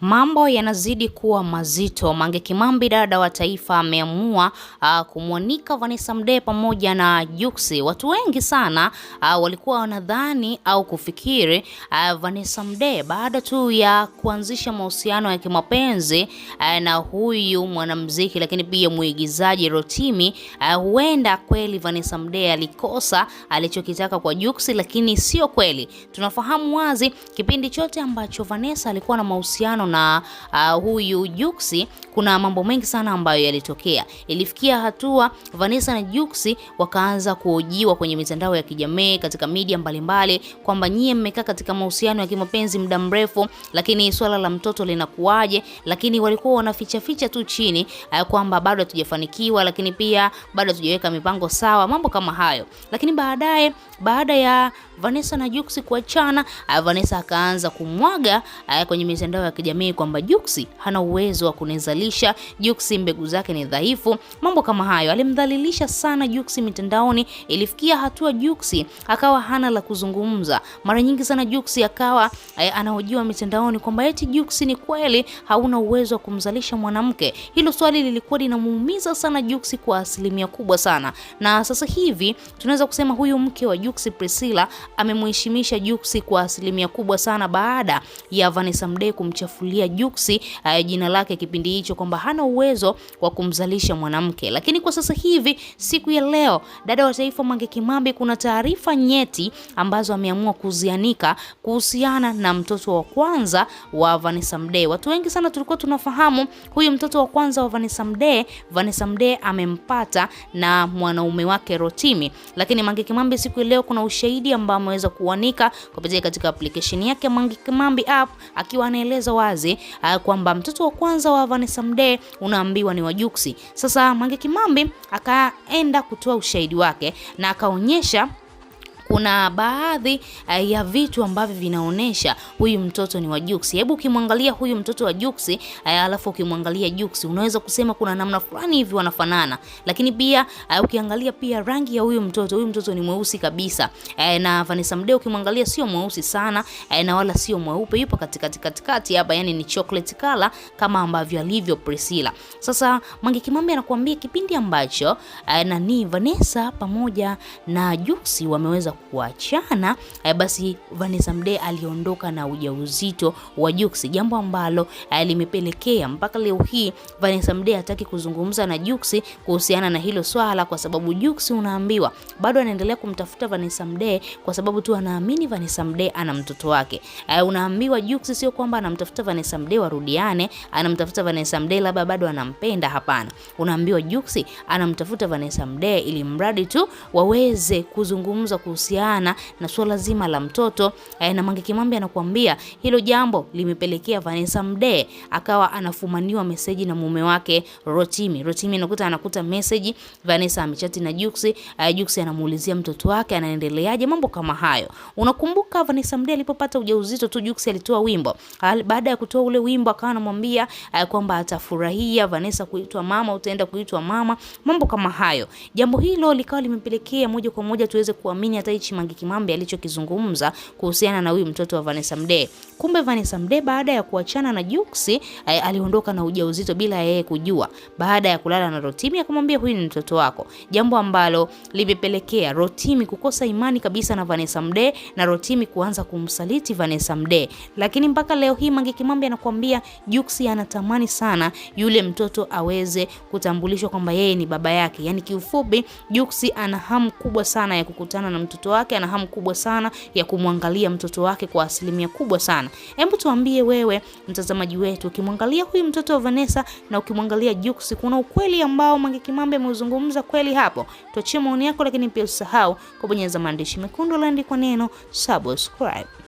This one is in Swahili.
Mambo yanazidi kuwa mazito. Mange Kimambi, dada wa taifa, ameamua uh, kumwanika Vanessa Mdee pamoja na Juksi. Watu wengi sana uh, walikuwa wanadhani au kufikiri uh, Vanessa Mdee baada tu ya kuanzisha mahusiano ya kimapenzi uh, na huyu mwanamuziki lakini pia mwigizaji Rotimi uh, huenda kweli Vanessa Mdee alikosa alichokitaka kwa Juksi, lakini sio kweli. Tunafahamu wazi kipindi chote ambacho Vanessa alikuwa na mahusiano na uh, huyu Juksi, kuna mambo mengi sana ambayo yalitokea. Ilifikia hatua Vanessa na Juksi wakaanza kuojiwa kwenye mitandao ya kijamii, katika media mbalimbali kwamba nyie mmekaa katika mahusiano ya kimapenzi muda mrefu, lakini swala la mtoto linakuwaje? Lakini walikuwa wanaficha ficha tu chini uh, kwamba bado hatujafanikiwa, lakini pia bado hatujaweka mipango sawa, mambo kama hayo. Lakini baadaye baada ya Vanessa na Jux kuachana. Vanessa akaanza kumwaga kwenye mitandao ya kijamii kwamba Jux hana uwezo wa kunizalisha, Jux mbegu zake ni dhaifu, mambo kama hayo. Alimdhalilisha sana Jux mitandaoni, ilifikia hatua Jux akawa hana la kuzungumza. Mara nyingi sana Jux akawa anahojiwa mitandaoni kwamba eti Jux ni kweli hauna uwezo wa kumzalisha mwanamke. Hilo swali lilikuwa linamuumiza sana Jux kwa asilimia kubwa sana, na sasa hivi tunaweza kusema huyu mke wa Jux Priscilla amemheshimisha Juksi kwa asilimia kubwa sana, baada ya Vanessa Mdee kumchafulia Juksi uh, jina lake kipindi hicho kwamba hana uwezo wa kumzalisha mwanamke. Lakini kwa sasa hivi siku ya leo, dada wa taifa Mange Kimambi, kuna taarifa nyeti ambazo ameamua kuzianika kuhusiana na mtoto wa kwanza wa Vanessa Mdee. Watu wengi sana tulikuwa tunafahamu huyu mtoto wa kwanza wa Vanessa Mdee, Vanessa Mdee amempata na mwanaume wake Rotimi, lakini Mange Kimambi siku ya leo kuna ushahidi ambao ameweza kuanika kupitia katika application yake Mange Kimambi app, akiwa anaeleza wazi ah, kwamba mtoto wa kwanza wa Vanessa Mdee unaambiwa ni wajuksi. Sasa Mange Kimambi akaenda kutoa ushahidi wake na akaonyesha kuna baadhi eh, ya vitu ambavyo vinaonesha huyu mtoto ni wa Jux. Hebu ukimwangalia huyu mtoto wa Jux eh, alafu ukimwangalia Jux unaweza kusema kuna namna fulani hivi wanafanana, lakini pia eh, ukiangalia pia rangi ya huyu mtoto, huyu mtoto ni mweusi kabisa na Vanessa Mdee ukimwangalia sio mweusi sana na wala sio mweupe, yupo katikati katikati hapa, yani ni chocolate color kama ambavyo alivyo Priscilla. Sasa Mange Kimambi anakuambia kipindi ambacho na ni Vanessa pamoja na Jux wameweza kuachana eh, basi Vanessa Mdee aliondoka na ujauzito wa Jux, jambo ambalo eh, limepelekea mpaka leo hii Vanessa Mdee hataki kuzungumza na Jux kuhusiana na hilo swala, kwa sababu Jux unaambiwa bado anaendelea kumtafuta Vanessa Mdee kwa sababu tu anaamini Vanessa Mdee ana mtoto wake. E, Unaambiwa Jux sio kwamba anamtafuta Vanessa Mdee warudiane, anamtafuta Vanessa Mdee labda bado anampenda, hapana. Unaambiwa Jux anamtafuta Vanessa Mdee ili mradi tu waweze kuzungumza kuhusiana kuhusiana na swala zima la mtoto eh, na Mange Kimambi anakuambia hilo jambo limepelekea Vanessa Mdee akawa anafumaniwa meseji na mume wake Rotimi. Rotimi anakuta anakuta meseji Vanessa amechati na Juksi, uh, Juksi anamuulizia mtoto wake anaendeleaje, mambo kama hayo. Unakumbuka Vanessa Mdee alipopata ujauzito tu Juksi alitoa wimbo. Baada ya kutoa ule wimbo akawa anamwambia uh, kwamba atafurahia Vanessa kuitwa mama, utaenda kuitwa mama, mambo kama hayo. Jambo hilo likawa limepelekea moja kwa moja tuweze kuamini hata Mange Kimambi alichokizungumza kuhusiana na huyu mtoto wa Vanessa Mdee. Kumbe Vanessa Mdee baada ya kuachana na Jux eh, aliondoka na ujauzito bila yeye kujua, baada ya kulala na Rotimi akamwambia huyu ni mtoto wako, jambo ambalo limepelekea Rotimi kukosa imani kabisa na Vanessa Mdee na Rotimi kuanza kumsaliti Vanessa Mdee. Lakini mpaka leo hii Mange Kimambi anakuambia Jux anatamani sana yule mtoto aweze kutambulishwa kwamba yeye ni baba yake. Yaani kiufupi Jux ana hamu kubwa sana ya kukutana na mtoto wake, ana hamu kubwa sana ya kumwangalia mtoto wake kwa asilimia kubwa sana. Hebu tuambie wewe mtazamaji wetu, ukimwangalia huyu mtoto wa Vanessa na ukimwangalia Jux, kuna ukweli ambao Mange Kimambe ameuzungumza kweli hapo? Tuachie maoni yako, lakini pia usahau kubonyeza maandishi mekundu yaliyoandikwa neno subscribe.